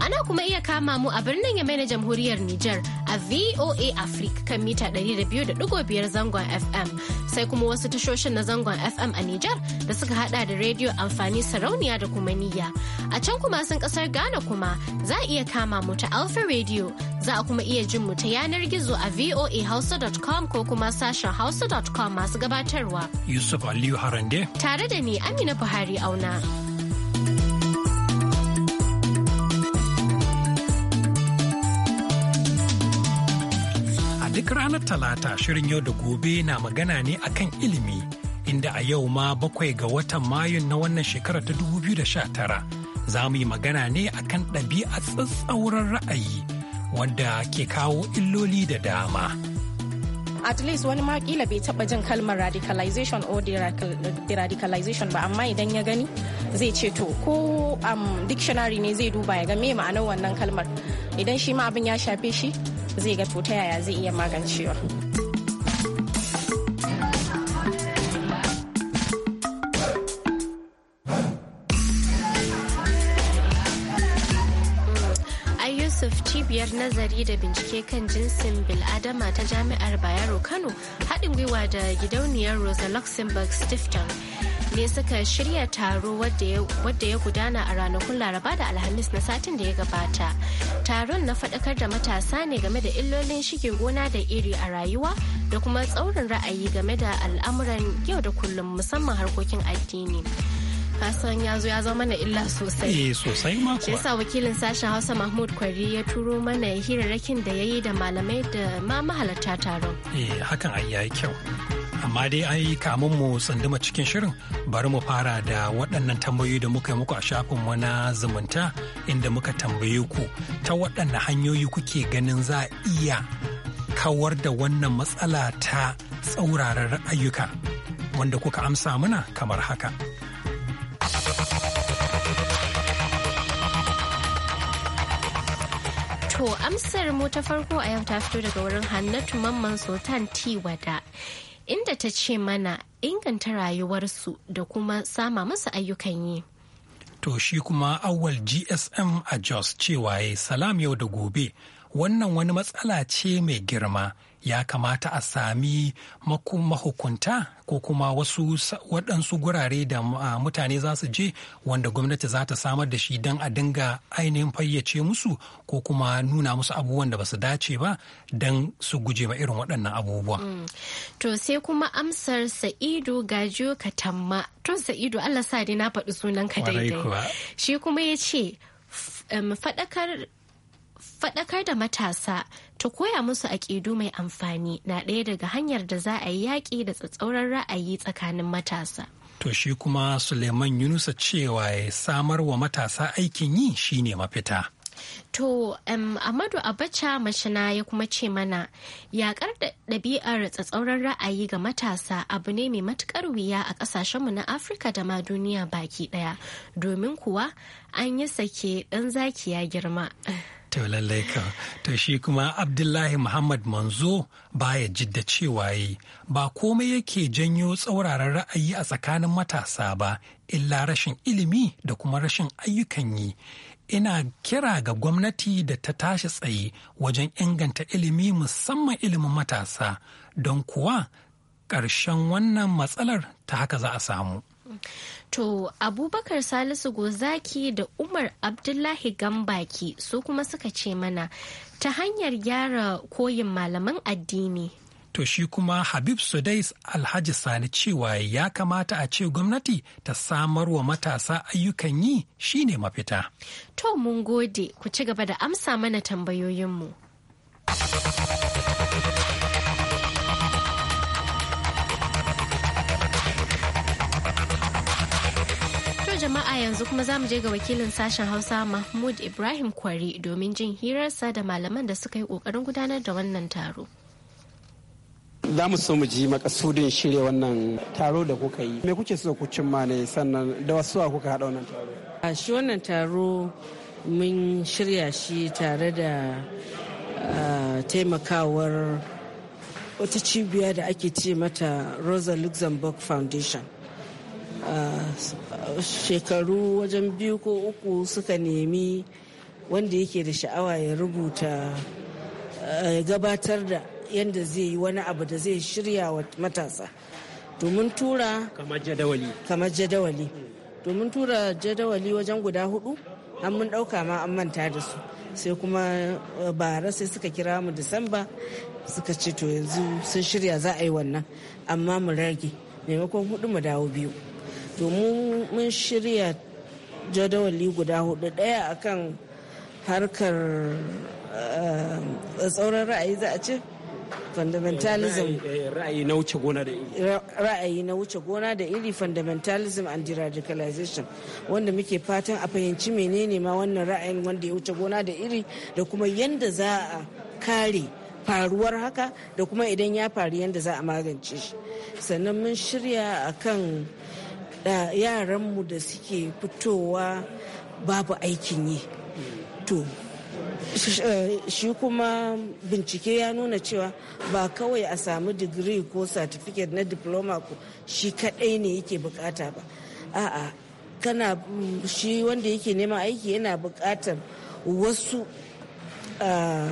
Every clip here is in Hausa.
Ana kuma iya kama mu a birnin Yamai na Jamhuriyar Nijar a VOA Africa kan mita 200.5 zangon FM. Sai kuma wasu tashoshin na zangon FM a Nijar da suka hada da rediyo amfani sarauniya da kuma niyya. A can kuma sun kasar Ghana kuma za a iya kama mu ta Alpha Radio. Za a kuma iya jin mu ta yanar gizo a voahausa.com ko kuma sashen hausa.com masu gabatarwa. Yusuf Aliyu Harande. Tare da ni Amina Buhari Auna. Duk ranar Talata shirin yau da gobe na magana ne akan ilimi, inda a yau ma bakwai ga watan Mayun na wannan shekarar ta 2019 za mu yi magana ne akan ɗabi'a tsatsauran ra'ayi wanda ke kawo illoli da dama. at least wani ma bai taba jin kalmar radicalization or deradicalization ba amma idan ya gani zai ce to ko um, dictionary ne zai duba ya ga me ma'anar wannan kalmar idan shi ma abin ya shafe shi zai ga ta yaya zai iya magancewa. Yusuf cibiyar nazari da bincike kan jinsin bil'adama ta jami'ar Bayero Kano haɗin gwiwa da gidauniyar Rosa luxembourg Stiftung ne suka shirya taro wadda ya gudana a ranakun laraba da alhamis na satin da ya gabata taron na faɗakar da matasa ne game da illolin shige gona da iri a rayuwa da kuma tsaurin ra'ayi game da al'amuran yau da kullum musamman harkokin addini. kasan ya zo ya zama mana illa sosai eh sosai ma kuwa yasa wakilin sashen Hausa Mahmud Kwari ya turo mana hirarrakin da yayi da malamai da ma mahalarta taron eh hakan ai yayi kyau amma dai ai kamun mu tsunduma cikin shirin bari mu fara da waɗannan tambayoyi da muka yi muku a shafinmu na zumunta inda muka tambaye ku ta waɗanne hanyoyi kuke ganin za a iya kawar da wannan matsala ta tsauraran ayyuka wanda kuka amsa muna kamar haka To amsar mu ta farko a yau ta fito daga wurin Hannatu Mamman Sultan T wada inda ta ce mana inganta rayuwarsu da kuma sama musu ayyukan yi. To shi kuma awwal GSM a Jos cewa salam yau da gobe wannan wani matsala ce mai girma ya kamata a sami mahukunta ko kuma wasu waɗansu gurare da ah, mutane za su je wanda gwamnati za ta samar da shi don a dinga ainihin fayyace musu ko kuma nuna musu abubuwan da ba su dace ba don su guje ma irin waɗannan abubuwa. Mm. To sai kuma amsar Sa'idu Gajiyo Katamma. To Sa'idu Allah sa na faɗi sunan ka daidai. Shi kuma ya ce faɗakar faɗakar da matasa ta koya musu aƙidu mai amfani na ɗaya daga hanyar da za a yi yaƙi da tsatsauran ra'ayi tsakanin matasa. To shi kuma Suleiman Yunusa cewa ya samar wa matasa aikin yi shine mafita. To, um, Amadu Abacha mashina ya kuma ce mana, yaƙar da ɗabi'ar tsatsauran ra'ayi ga matasa abu ne mai matuƙar wuya a ƙasashenmu na Afirka da ma duniya baki ɗaya, domin kuwa an yi sake ɗan zaki ya girma. to lallai ka to shi kuma abdullahi muhammad manzo baya jidda cewa yi ba komai yake janyo tsauraran ra'ayi a tsakanin matasa ba illa rashin ilimi da kuma rashin ayyukan yi ina kira ga gwamnati da ta tashi tsaye wajen inganta ilimi musamman ilimin matasa don kuwa ƙarshen wannan matsalar ta haka za a samu To Abubakar Salisu Gozaki da Umar Abdullahi Gambaki su kuma suka ce mana ta hanyar gyara koyin malaman addini. To shi kuma Habib Sudais Alhaji Sani cewa ya kamata a ce gwamnati ta samar wa matasa ayyukan yi shine mafita. To mun gode ku ci gaba da amsa mana tambayoyinmu. jama'a yanzu kuma za mu je ga wakilin sashen Hausa Mahmud Ibrahim Kwari domin jin hirarsa da malaman da suka yi kokarin gudanar da wannan taro. za mu so mu ji makasudin shirya wannan taro da kuka yi me kuke so ku cimma ne sannan da wasu kuka haɗa wannan taro a shi wannan taro mun shirya shi tare da taimakawar wata cibiya da ake ce mata rosa luxemburg foundation shekaru wajen biyu ko uku suka nemi wanda yake da sha'awa ya rubuta ya gabatar da yadda zai yi wani abu da zai shirya wa matasa domin tura kamar jadawali domin tura jadawali wajen guda hudu an mun dauka ma an manta da su sai kuma bara sai suka kira mu disamba suka ce to yanzu sun shirya za a yi wannan amma mu rage maimakon hudu mu dawo biyu domin mun shirya jadawali guda hudu daya a kan harkar eh, tsauran ra'ayi za a ce fundamentalism eh, eh, ra'ayi na wuce gona da iri fundamentalism and radicalization wanda muke fatan a fahimci menene ma wannan ra'ayin wanda ya wuce gona da iri da kuma yanda za a kare faruwar haka da kuma idan ya faru yanda za a magance shi sannan mun shirya a kan. da yaranmu da suke fitowa babu aikin yi to eh, shi kuma bincike ya nuna cewa ba kawai a samu digiri ko certificate na diploma ko shi kadai ne yake bukata ba a'a kana mm, shi wanda yake neman aiki yana bukatar wasu ah,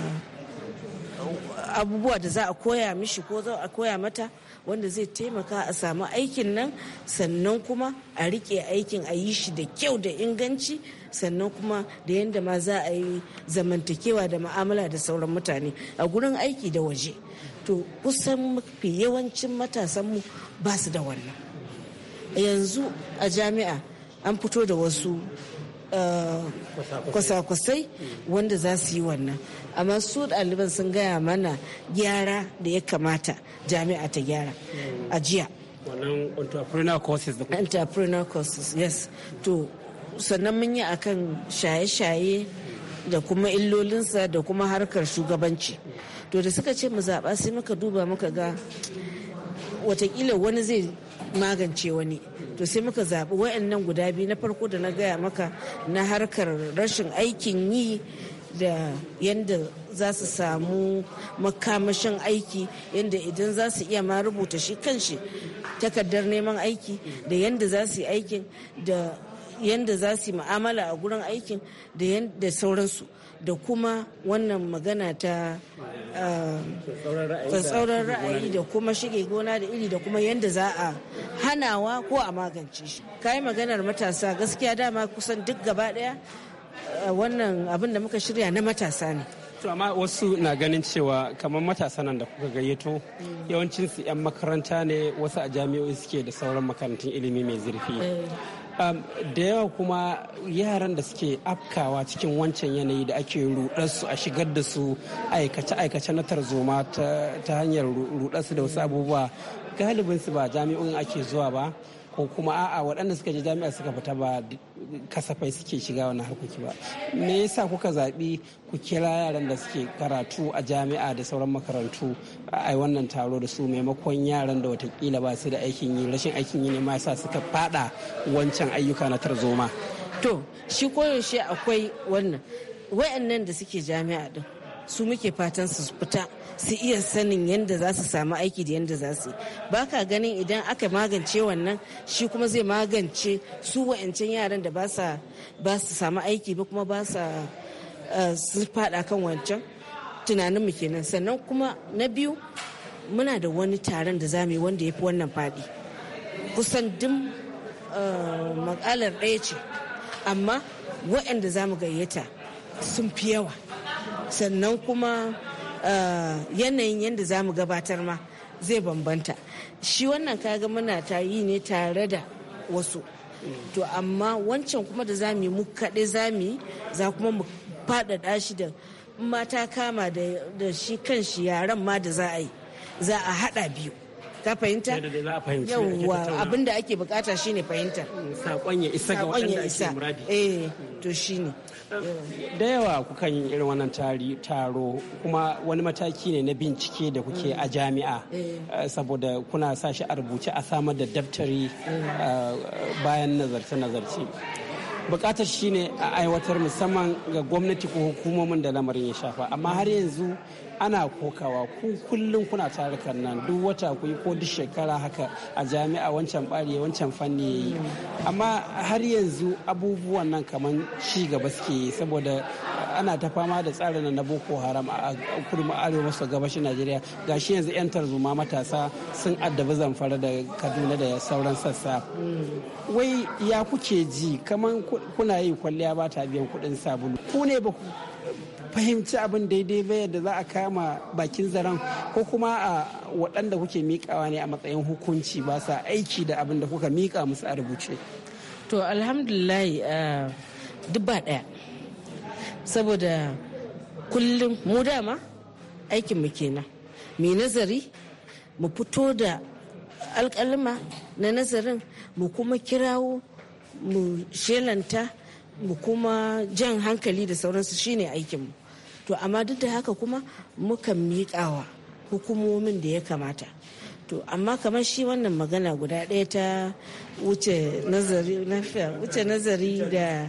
abubuwa da za a koya mishi ko za a koya mata wanda zai taimaka a samu aikin nan sannan kuma a rike aikin a yi shi da kyau da inganci sannan kuma da yadda ma za a yi zamantakewa da ma'amala da sauran mutane a gurin aiki da waje to kusan mafi yawancin matasanmu ba su da wannan yanzu a jami'a an fito da wasu kwasa-kwasai wanda za su yi wannan amma su ɗaliban sun gaya mana gyara da ya kamata jami'a ta gyara a jiya courses da entrepreneur courses yes to sannan mun yi akan shaye-shaye da kuma illolinsa da kuma harkar shugabanci to da suka ce mu zaɓa sai muka duba muka ga watakila wani zai magance wani to sai muka zaɓi wayannan guda biyu na farko da na gaya maka na harkar rashin aikin yi da yadda za su samu makamashin aiki yadda idan za su iya ma rubuta shi kanshi takardar neman aiki da yadda za su yi aikin da yadda za su yi ma'amala a gurin aikin da sauransu da kuma wannan magana ta ah, tsatsauran ra'ayi da kuma shige gona da iri da kuma yadda za a hanawa ko a magance shi kayi maganar matasa gaskiya dama kusan duk gaba daya ah, wannan abin da muka shirya na matasa ne to amma wasu na ganin cewa kamar matasa nan da kuka gayyato mm. yawancinsu 'yan makaranta ne wasu a jami'o'i suke da sauran makarantun ilimi mai zurfi eh. da yawa kuma yaran da suke afkawa cikin wancan yanayi da ake rudarsu a shigar da su aikace-aikace na tarzoma ta hanyar rudarsu da wasu abubuwa galibinsu ba jami'o'in ake zuwa ba ko kuma a'a waɗanda suka je jami'a suka fita ba kasafai suke shiga wani harkoki ba me yasa kuka zaɓi ku kira yaran da suke karatu a jami'a da sauran makarantu a wannan taro da su maimakon yaran da watakila ba su da aikin yi rashin aikin yi ne ma yasa suka fada wancan ayyuka na tarzoma to shi koyaushe akwai wannan wa'annan da suke jami'a din su muke fatan su fita su iya sanin yadda za su samu aiki da yadda za su yi ba ka ganin idan aka magance wannan shi kuma zai magance su wa'ancan yaran da ba su samu aiki ba kuma ba sa eh, su fada kan wancan tunanin mu kenan sannan kuma na biyu muna da wani taron da za mu yi wanda ya fi wannan fadi kusan duk eh, makalar ɗaya ce amma waɗanda za mu gayyata sun fi yawa sannan kuma Eh, yanayin yadda za mu gabatar ma zai bambanta shi wannan kaga muna ta yi ne tare da wasu to amma wancan kuma da za mu yi mu kaɗai za mu yi za kuma mu faɗaɗa shi da mata kama da shi kan shi yaren ma da za a yi za a haɗa biyu ka fahimta yauwa abinda ake bukata shine fahimta saƙon ya isa ga wanda ake muradi eh to shine da yawa kukan yi irin wannan taro kuma wani mataki ne na bincike da kuke a mm. jami'a eh. Eh, saboda kuna sa shi a rubuce a samar da daftari mm. eh, bayan nazarce-nazarce bukatar shine a aiwatar musamman ga gwamnati ko hukumomin da lamarin ya shafa amma har yanzu ana kokawa ku kullum kuna tarukan nan duk wata ku ko duk shekara haka a jami'a wancan bari wancan fanni ya yi amma har yanzu abubuwan nan kamar ci gaba suke saboda ana ta fama da tsarin na boko haram a kurma arewa maso gabashin najeriya gashi yanzu 'yan tarzoma matasa sun addabi zamfara da kaduna da sauran sassa mm. wai ya kuke ji kamar kuna yi kwalliya ba ta biyan kuɗin sabulu ku ne ba fahimci abin daidai ba yadda za a kama bakin zaren ko kuma a waɗanda kuke miƙawa ne a matsayin hukunci ba sa aiki da abin da kuka miƙa musu a rubuce to alhamdulillah eh, duk ba ɗaya saboda kullum mu dama aikinmu kenan mai nazari mu fito da alkalima na nazarin mu kuma kirawo mu shelanta mu kuma jan hankali da sauransu shine aikinmu to amma duk da haka kuma mukan miƙawa hukumomin da ya kamata to amma kamar shi wannan magana guda ɗaya ta wuce nazari da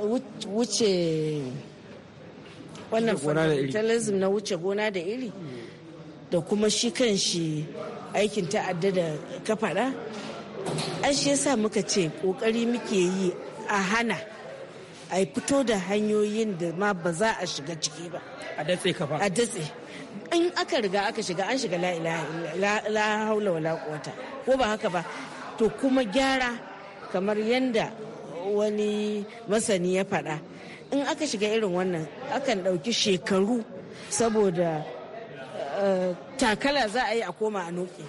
wuce wannan fundamentalism na wuce gona da iri da kuma shi kan shi aikin ta'adda da kafaɗa an shi yasa muka ce ƙoƙari muke yi a hana a fito da hanyoyin da ma ba za a shiga ciki ba a datse kafa a datse in aka riga aka shiga an shiga la haula wala ko ba haka ba to kuma gyara kamar yadda. wani masani ya faɗa in aka shiga irin wannan akan ɗauki shekaru saboda eh, takala za a yi a koma a noke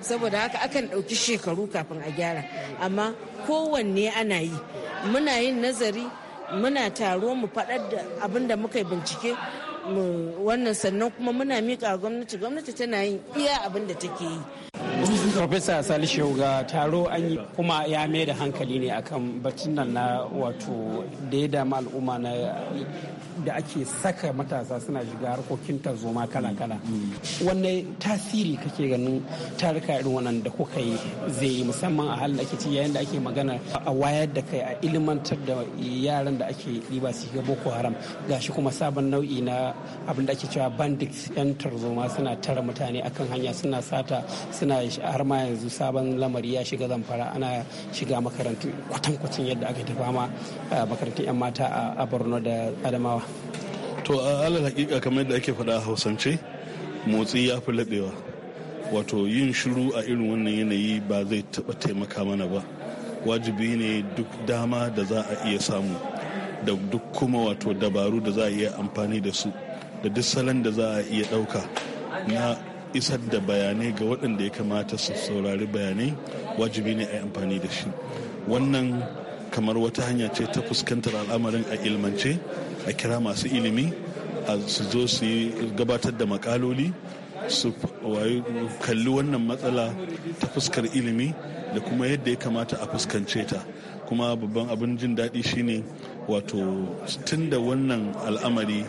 saboda haka akan ɗauki shekaru kafin a gyara amma kowanne ana yi muna yin nazari muna taro mu faɗar da abin da muka yi bincike wannan sannan kuma muna miƙa gwamnati gwamnati tana yin iya abin da take yi Profesa Salishu ga taro an yi kuma ya mai da hankali ne akan batun nan na wato da ya dama al'umma na da ake saka matasa suna shiga harkokin tarzoma kala-kala. Wanne tasiri kake ganin taruka irin wannan da kuka yi zai yi musamman a halin ake ci yayin da ake magana a wayar da kai a ilimantar da yaran da ake riba su shiga Boko Haram gashi kuma sabon nau'i na abin da ake cewa bandits 'yan tarzoma suna tara mutane akan hanya suna sata suna har ma yanzu sabon lamari ya shiga zamfara ana shiga makarantu kwatankwacin yadda aka tafa ma makarantun 'yan mata a borno da adamawa to a alal hakika kamar yadda ake faɗa a hausance motsi ya fi laɓewa wato yin shiru a irin wannan yanayi ba zai taɓa taimaka mana ba wajibi ne duk dama da za a iya samu da duk kuma wato dabaru da za a iya amfani da su da duk salon da za a iya ɗauka na isar da bayanai ga waɗanda ya kamata su saurari bayanai wajibi ne a yi amfani da shi wannan kamar wata hanya ce ta fuskantar al'amarin a ilmance a kira masu ilimi a su zo su gabatar da makaloli su kalli wannan matsala ta fuskar ilimi da kuma yadda ya kamata a fuskance ta kuma babban abin jin daɗi shine wato tun da wannan al'amari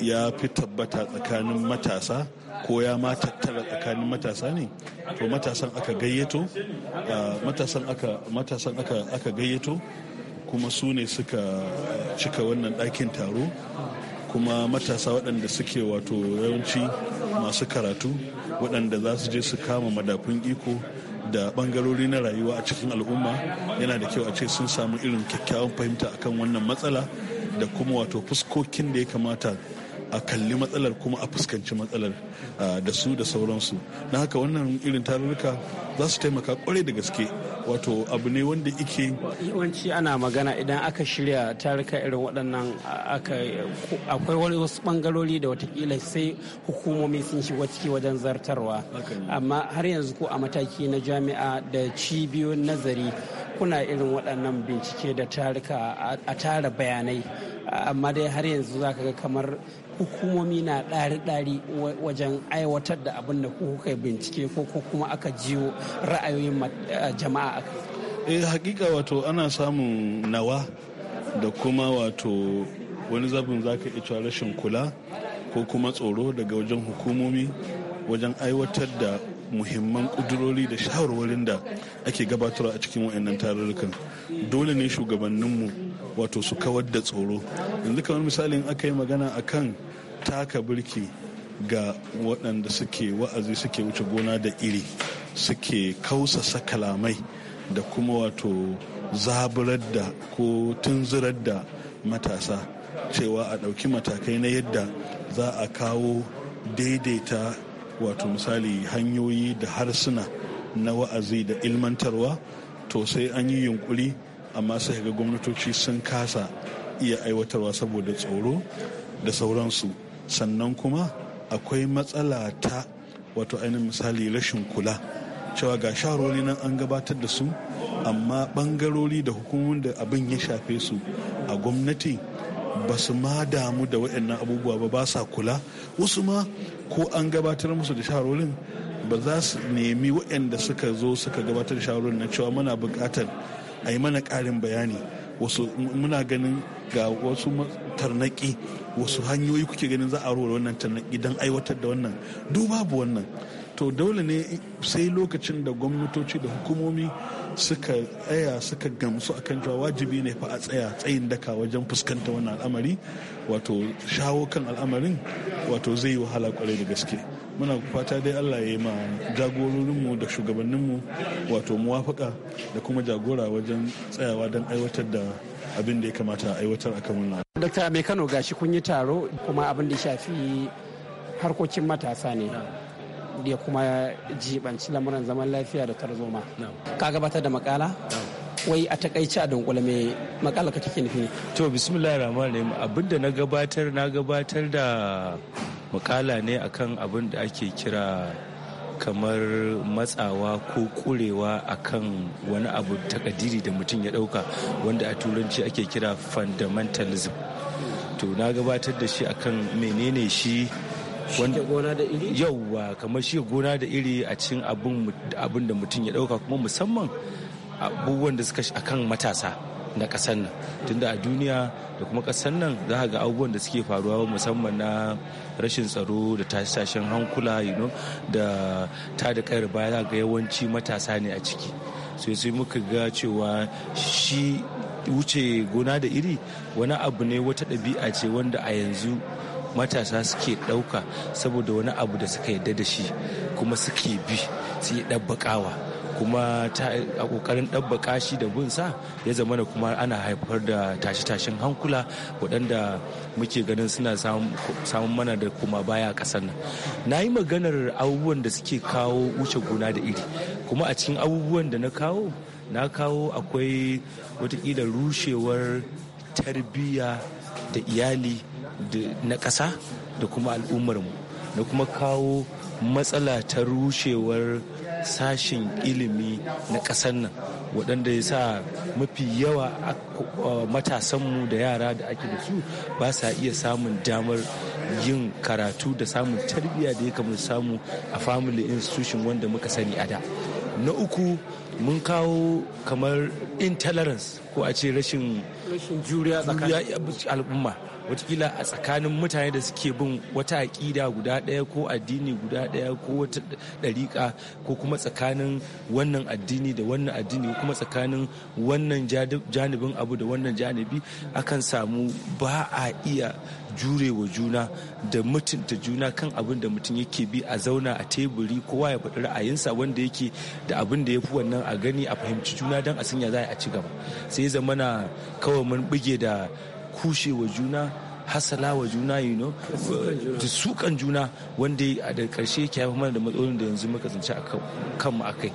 ya fi tabbata tsakanin matasa ko ya ma tattara tsakanin matasa ne to matasan aka gayyato matasan aka matasan aka aka gayyato kuma su ne suka cika wannan ɗakin taro kuma matasa waɗanda suke wato yawanci masu karatu waɗanda za su je su kama madafun iko da ɓangarori na rayuwa a cikin al'umma yana da kyau a ce sun samu irin kyakkyawan fahimta akan wannan matsala da kuma wato fuskokin da ya kamata a kalli matsalar kuma a fuskanci matsalar da su da sauransu na haka wannan irin tarurruka za su taimaka kwarai da gaske wato abu ne wanda ike yawanci ana magana idan aka shirya tarurruka irin waɗannan akwai wani wasu bangarori da watakila sai hukumomi sun shiga ciki wajen zartarwa amma har yanzu ko a mataki na jami'a da cibiyoyin nazari kuna irin waɗannan bincike da tarurruka a tara bayanai amma dai har yanzu za ka ga kamar hukumomi na ɗari-ɗari wajen aiwatar da abin da kuka bincike ko kuma aka jiwo ra'ayoyin eh, jama'a a kai eh hakika wato ana samun nawa da kuma wato wani zabin za ka iya rashin kula ko kuma tsoro daga wajen hukumomi wajen aiwatar da muhimman kudurori da shawarwarin da ake gabatarwa a cikin wa'annan tarurrukan dole ne shugabanninmu wato su kawar da tsoro yanzu kamar misalin aka yi magana akan taka birki ga waɗanda suke wa'azi suke wuce gona da iri suke kausasa kalamai da kuma wato zaburar da ko tunzurar da matasa cewa a ɗauki matakai na yadda za a kawo daidaita wato misali hanyoyi da harsuna na wa'azi da ilmantarwa to sai an yi yunkuri amma sai ga gwamnatoci sun kasa iya aiwatarwa saboda tsoro da sauransu sannan kuma akwai matsala ta wato ainihin misali rashin kula cewa ga sharoli nan an gabatar da su amma bangarori da hukumomin da abin ya shafe su a gwamnati ba su ma damu da waɗannan abubuwa ba ba sa kula wasu ma ko an gabatar musu da sharolin ba za su nemi waɗanda suka zo suka gabatar da sharolin na cewa muna buƙatar a yi mana ƙarin bayani wasu muna ganin ga wasu tarnaki wasu hanyoyi kuke ganin za a rura wannan tarnaki don aiwatar da wannan duk bu wannan to dole ne sai lokacin da gwamnatoci da hukumomi suka tsaya suka gamsu akan cewa wajibi ne fa a tsaya tsayin daka wajen fuskanta wannan al'amari wato shawo kan al'amarin wato zai yi wahala kwarai da gaske muna fata dai allah ya yi ma jagororinmu da shugabanninmu wato muwafaka da kuma jagora wajen tsayawa don aiwatar da abin da ya kamata a aiwatar akan wannan Dokta Mai Kano gashi kun yi taro kuma abin da shafi harkokin matasa ne. ya kuma jibanci lamuran zaman lafiya da tarzoma ka gabatar da makala wai a takaici a dunkule mai makala ka take nufi to bismillahir rahmanir rahim abinda na gabatar na gabatar da makala ne akan abin da ake kira kamar matsawa ko kurewa akan wani abu takadiri da mutum ya dauka wanda a turanci ake kira fundamentalism to na gabatar da shi akan menene shi yauwa kamar shi gona da iri a cikin abin da mutum ya dauka kuma musamman abubuwan da suka kan matasa na kasar nan tunda a duniya da kuma ƙasar nan za ga abubuwan da suke faruwa musamman na rashin tsaro da tashen hankula da ta da kayar baya ga yawanci matasa ne a ciki sai sai muka ga cewa shi wuce gona da iri wani abu ne wata ɗabi'a ce wanda a yanzu matasa suke ɗauka saboda wani abu da suka yarda da shi kuma suke bi su yi ɗabbaƙawa kuma a ƙoƙarin ɗabbaƙa shi da bin sa ya zama da kuma ana haifar da tashe-tashen hankula waɗanda muke ganin suna samun mana da kuma baya a ƙasar nan na yi maganar abubuwan da suke kawo wuce gona da iri kuma a cikin abubuwan da na kawo na kawo akwai watakila rushewar tarbiyya da iyali na ƙasa da kuma al'ummarmu da kuma kawo matsala ta rushewar sashen ilimi na ƙasar nan waɗanda ya sa mafi yawa matasanmu da yara da ake da su ba sa iya samun damar yin karatu da samun tarbiyya da ya kamar samu a family institution wanda muka sani a da na uku mun kawo kamar intolerance ko a ce rashin juriya tsakanin al'umma watakila a tsakanin mutane da suke bin wata aƙida guda ɗaya ko addini guda ɗaya ko wata ɗariƙa ko kuma tsakanin wannan addini da wannan addini ko kuma tsakanin wannan janibin abu da wannan janibi akan samu ba a iya jurewa juna da mutunta juna kan abin da mutum yake bi a zauna a teburi kowa ya faɗi ra'ayinsa wanda yake da abin da ya fi wannan a gani a fahimci juna don a sanya za a ci gaba sai zama na kawai mun buge da kushewa juna hasala wa juna yi no da sukan juna wanda da karshe yake haifar mana da matsalolin da yanzu muka zance a kanmu a kai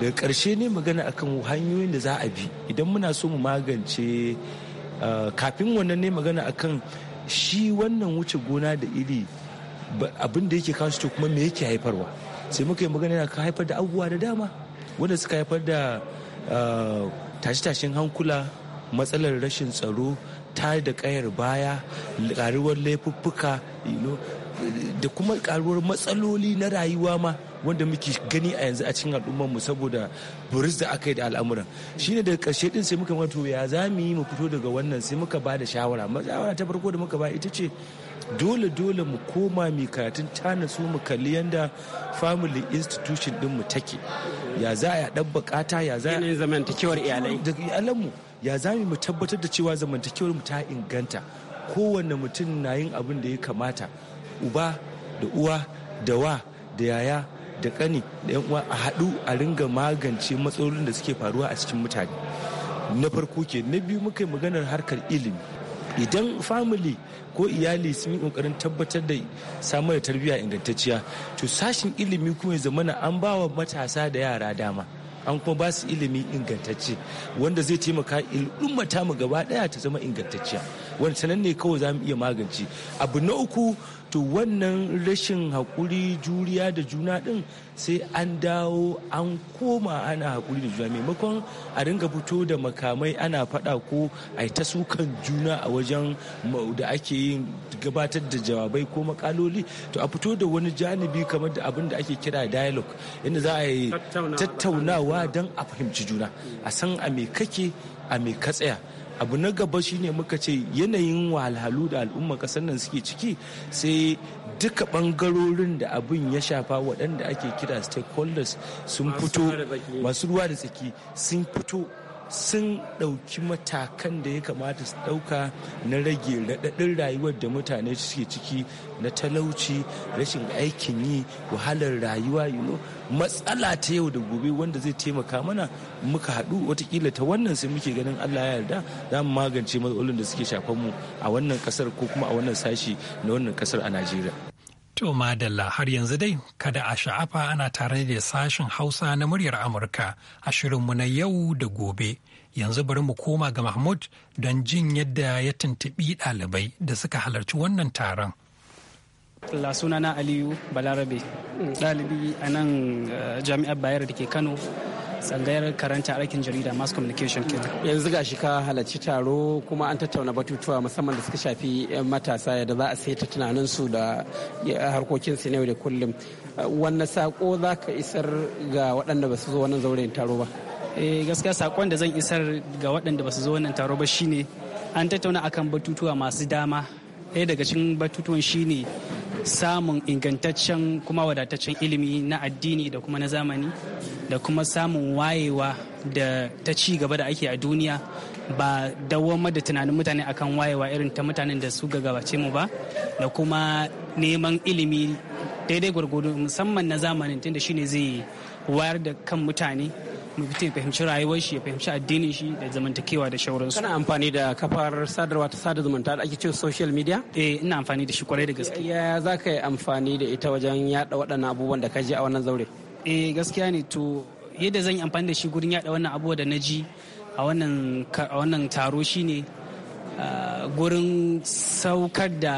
daga karshe ne magana akan hanyoyin da za a bi idan muna so mu magance eh, kafin wannan ne magana akan shi wannan wuce gona da iri abin da yake kawo to kuma me yake haifarwa sai muka yi magana ka haifar da abubuwa da dama wanda suka haifar da ah, tashe-tashen hankula matsalar rashin tsaro ta da kayar baya karuwar laifuffuka da kuma karuwar matsaloli na rayuwa ma wanda muke gani a yanzu a cikin al'ummar mu saboda buris da aka yi da al'amuran shine daga karshe din sai muka mato ya za mu yi mu fito daga wannan sai muka ba da shawara shawara ta farko da muka ba ita ce dole dole mu koma mai karatun tana su mu kalli yanda family institution din mu take ya za a ɗan bukata ya za a zamantakewar iyalai iyalanmu ya za mu tabbatar da cewa zamantakewar mu ta inganta kowanne mutum na yin abin da ya kamata uba da uwa da wa da yaya da kani da yan uwa a haɗu a ringa magance matsalolin da suke faruwa a cikin mutane na farko ke na biyu muka yi maganar harkar ilimi idan family ko iyali sun yi kokarin tabbatar da samar da tarbiyya ingantacciya to sashin ilimi kuma ya zamana an bawa matasa da yara dama an kuma ba su ilimi ingantacce wanda zai taimaka al'umma ta mu gaba daya ta zama ingantacciya wanda sananne ne kawai za mu iya magance abu na uku to wannan rashin haƙuri juriya da juna ɗin sai an dawo an koma ana haƙuri da juna maimakon a ringa fito da makamai ana faɗa ko a yi ta sukan juna a wajen da ake yin gabatar da jawabai ko makaloli to a fito da wani janibi kamar da abin da ake kira dialogue inda za a yi tattaunawa don a fahimci juna a san a me kake a me ka tsaya abu na gaba shine muka ce yanayin wahalhalu da al'umma kasar nan suke ciki sai duka bangarorin da abin ya shafa waɗanda ake kira stakeholders sun fito masu ruwa da tsaki sun fito sun ɗauki matakan da ya kamata su ɗauka na rage raɗaɗin rayuwar da mutane suke ciki na talauci rashin aikin yi wahalar rayuwa you matsala ta yau da gobe wanda zai taimaka mana muka haɗu watakila ta wannan sai muke ganin allah ya yarda za mu magance matsalolin da suke shafan mu a wannan kasar ko kuma a wannan sashi na wannan kasar a najeriya To Madalla har yanzu dai kada a sha'afa ana tare da sashen Hausa na muryar Amurka a shirinmu na yau da gobe. Yanzu bari mu koma ga Mahmud don jin yadda ya tuntuɓi ɗalibai da suka halarci wannan taron. La sunana Aliyu Balarabe, ɗalibi a nan eh, jami'ar Bayero da ke Kano. tsangayar karanta aikin jarida mass communication kenan yanzu gashi ka halarci taro kuma an tattauna batutuwa musamman da suka shafi matasa yadda za a saita tunaninsu da harkokin su ne da kullum wanne sako za ka isar ga waɗanda ba su zo wannan zauren taro ba eh gaskiya sakon da zan isar ga waɗanda ba su zo wannan taro ba shine an tattauna akan batutuwa masu dama ɗaya daga cikin batutuwan shine samun ingantaccen kuma wadataccen ilimi na addini da kuma na zamani da kuma samun wayewa da ta ci gaba da ake a duniya ba dawamar da tunanin mutane akan wayewa irin ta mutanen da su gabace mu ba da kuma neman ilimi daidai gwargwado musamman na zamanin tunda shine zai wayar da kan mutane mutum ya fahimci rayuwar shi ya fahimci addinin shi da zamantakewa da shauransu kana amfani da kafar sadarwa ta sada zumunta da ake cewa social media eh ina amfani da shi kwarai da gaske ya za ka yi amfani da ita wajen yada waɗannan abubuwan da ka ji a wannan zaure eh gaskiya ne to yadda zan yi amfani da shi gurin yada wannan abubuwa da na ji a wannan taro shine ah, gurin saukar da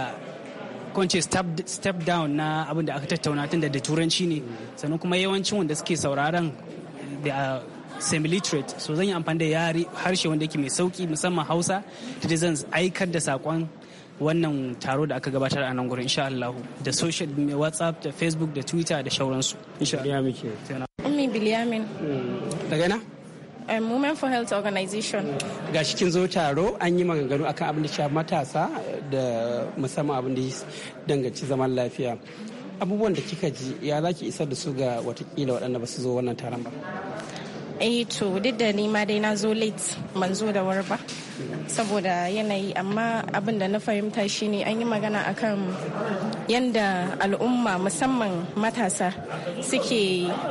ce step down na abin da aka tattauna tun da turanci ne sannan kuma yawancin wanda suke sauraron da semi-literate so zan yi amfani da yare harshe wanda yake mai sauki musamman hausa da zan aikar da sakon wannan taro da aka gabatar a nan gurin insha Allah da social media whatsapp da facebook da twitter da shauransu insha Allah ummi bilyamin daga na Women for Health Organization. Ga shi kin zo taro an yi maganganu akan abin da shafi matasa da musamman abin da danganci zaman lafiya. Abubuwan da kika ji ya za ki isar da su ga watakila waɗanda ba su zo wannan taron ba. eh to duk da ni ma dai na zo late man zo da wuri ba saboda yanayi amma abin da na fahimta shine an yi magana akan yanda al'umma musamman matasa suke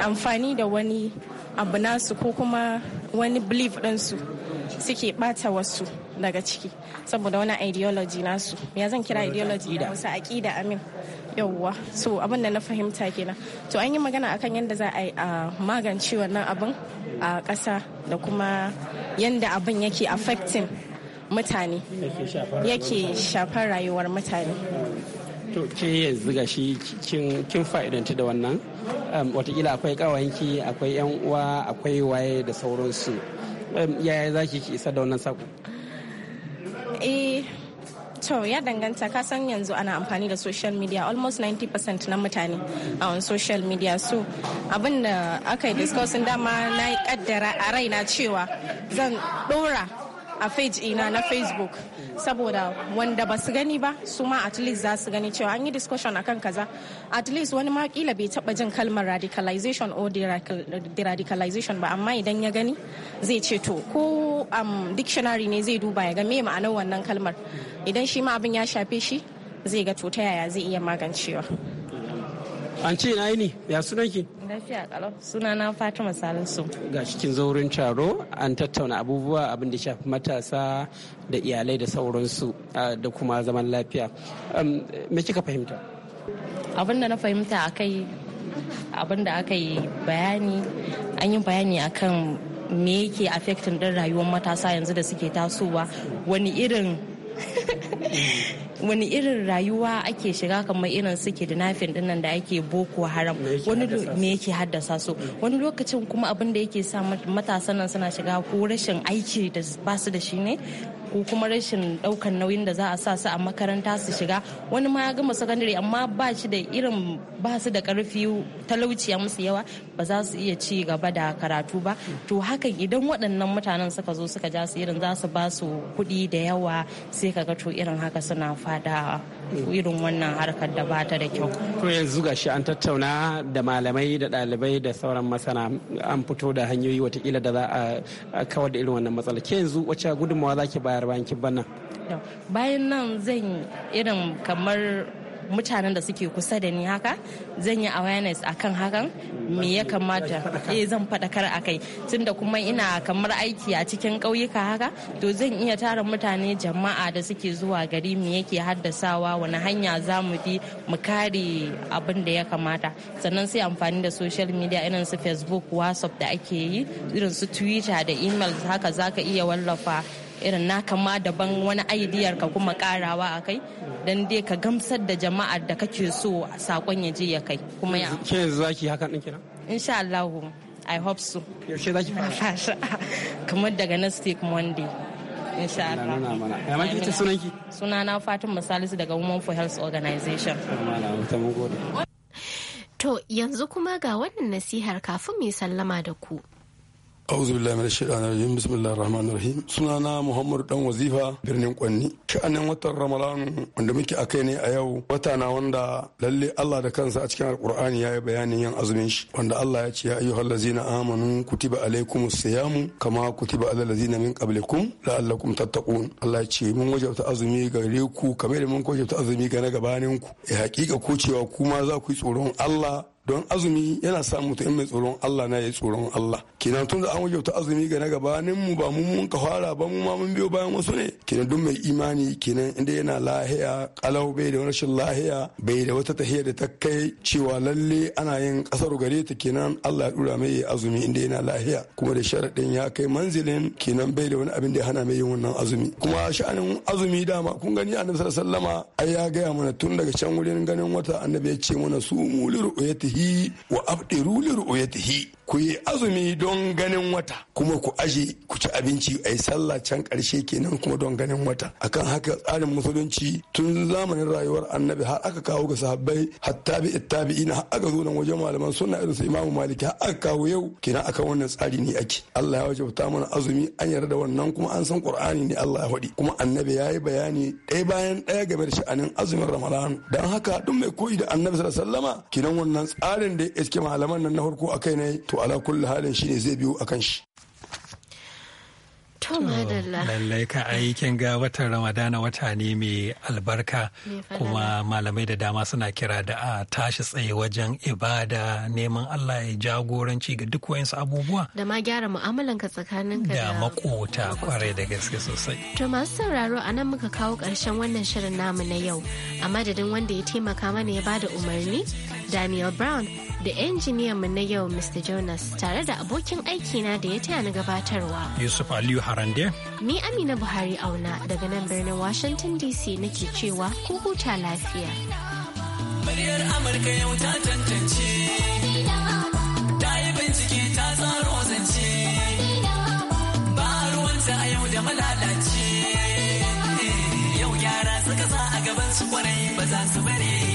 amfani da wani abu nasu ko kuma wani belief ɗinsu suke bata wasu daga ciki saboda wani ideology nasu ya zan kira ideology da wasu aƙida amin yauwa so abin da na fahimta kenan to an yi magana akan yadda za a yi a magance wannan abin a ƙasa da kuma yadda abin yake affecting mutane yake shafar rayuwar mutane to ke yanzu ga shi kin fa'idanci da wannan watakila akwai ƙawayenki akwai yan uwa akwai waye da sauransu yaya za ki isa da wannan sako eh to ya danganta ka san yanzu ana amfani da social media almost 90% na mutane a on social media so abin da aka yi discussing dama na yi kaddara a raina cewa zan dora a page ina na facebook saboda wanda ba su gani ba su ma at least za su gani cewa an yi discussion akan kaza at least wani ma kila bai taba jin kalmar radicalization or deradicalization ba amma idan ya gani zai ce to ko um, dictionary ne zai duba ya ga me ma'anar wannan kalmar idan shi ma abin ya shafe shi zai ga to ta yaya zai iya magancewa An ce na yi ni, ya sunan ki? Lafiya kalau, suna na fata Salisu. Ga cikin zaurin taro an tattauna abubuwa abin da shafi matasa da iyalai da sauransu da kuma zaman lafiya. Me kika fahimta? Abin da na fahimta a kai abin da aka yi bayani an yi bayani akan me yake affecting din rayuwar matasa yanzu da suke tasowa wani irin wani irin rayuwa ake shiga kamar irin su kidnapping dinnan da ake boko haram wani me yake haddasa su mm. wani lokacin kuma abin da yake sa matasan nan suna shiga ko rashin aiki da basu da shi ne ko kuma rashin ɗaukan nauyin da za a sa su a makaranta su shiga wani ma ya gama sakandare amma ba shi da irin ba su da karfi talauciya musu yawa ba za su iya ci gaba da karatu ba to hakan idan waɗannan mutanen suka zo suka ja su irin za su ba su kuɗi da yawa sai ka ga to irin haka suna fada irin wannan harkar da bata da kyau to yanzu gashi an tattauna da malamai da ɗalibai da sauran masana an fito da hanyoyi watakila da za a kawar da irin wannan matsala ke yanzu wacce gudunmawa za ki laraba kibban bayan nan zan irin kamar mutanen da suke kusa da ni haka zan yi awareness akan hakan me ya kamata eh zan faɗakar a akai tunda kuma ina kamar aiki a cikin ƙauyuka haka to zan iya tara mutane jama'a da suke zuwa gari me yake haddasawa wani hanya za mu bi mu kare abin da ya kamata sannan sai amfani da social media irin su facebook whatsapp da ake yi irin su twitter da email haka zaka iya wallafa irin naka ma daban wani aidiyar ka kuma karawa a kai don dai ka gamsar da jama'ar da kake so sakon ya je ya kai kuma ya ke zaki hakan din kenan insha Allah i hope so yaushe zaki fara kamar daga next week monday insha Allah ya ma kike sunanki sunana Fatima Salisu daga Women for Health Organization to yanzu kuma ga wannan nasihar kafin mu sallama da ku auzu billahi minash shaitani rajim bismillahir rahmanir rahim sunana muhammadu dan wazifa birnin kwanni sha'anin watan ramadan wanda muke a kai ne a yau wata na wanda lalle Allah da kansa a cikin alqur'ani yayi bayanin yan azumin shi wanda Allah ya ce ya ayyuhal ladzina amanu kutiba saya siyamu kama kutiba alal ladzina min qablikum la'allakum tattaqun Allah ya ce mun wajabta azumi gare ku kamar da mun wajabta azumi ga na gabanin ku e eh, hakika ko cewa kuma za ku yi tsoron Allah don azumi yana sa mutum mai tsoron Allah na yi tsoron Allah kenan tun da an wajauta azumi ga na gaba mu ba mu mun ka fara ba mu ma mun biyo bayan wasu ne kenan duk mai imani kinan inda yana lahiya kalau bai da rashin lahiya bai da wata tahiyar da ta kai cewa lalle ana yin kasar gare ta kenan Allah ya dura mai azumi inda yana lahiya kuma da sharadin ya kai manzilin kinan bai da wani abin da hana mai yin wannan azumi kuma sha'anin azumi dama kun gani annabi sallallahu alaihi wasallama ai ya gaya mana tun daga can wurin ganin wata annabi ya ce mana su mu li ru'yatihi yi wa abdiru li ku yi azumi don ganin wata kuma ku aje ku ci abinci a yi sallah can karshe kenan kuma don ganin wata akan haka tsarin musulunci tun zamanin rayuwar annabi har aka kawo ga sahabbai hatta bi ittabi'ina har aka zo nan wajen malaman sunna irin su imamu maliki har aka kawo yau kenan akan wannan tsari ne ake Allah ya ta mana azumi an yarda wannan kuma an san qur'ani ne Allah ya faɗi kuma annabi ya yi bayani ɗaya bayan ɗaya game da sha'anin azumin ramadan Dan haka duk mai koyi da annabi sallallahu alaihi wasallama kenan wannan tsarin da iske malaman nan na farko a kai ne to ala kulli halin shine zai biyo akan shi Lallai ka aikin ga watan Ramadana wata ne mai albarka kuma malamai da dama suna kira da a tashi tsaye wajen ibada neman Allah ya jagoranci ga duk wayansu abubuwa. Da ma gyara mu'amalan ka tsakanin ka da makota kwarai da gaske sosai. To masu sauraro a nan muka kawo ƙarshen wannan shirin namu na yau. A madadin wanda ya taimaka mana ya bada umarni, Daniel Brown da mu na yau Mr. Jonas tare da abokin aikina da ya taya na gabatarwa. Yusuf Aliyu Harande. Ni Amina Buhari auna daga nan birnin Washington DC nake cewa ku huta lafiya. Muryar Amurka yau ta tantance, ta ba a da malalace. Yau gyara suka sa a gaban su kwarai ba za su bari.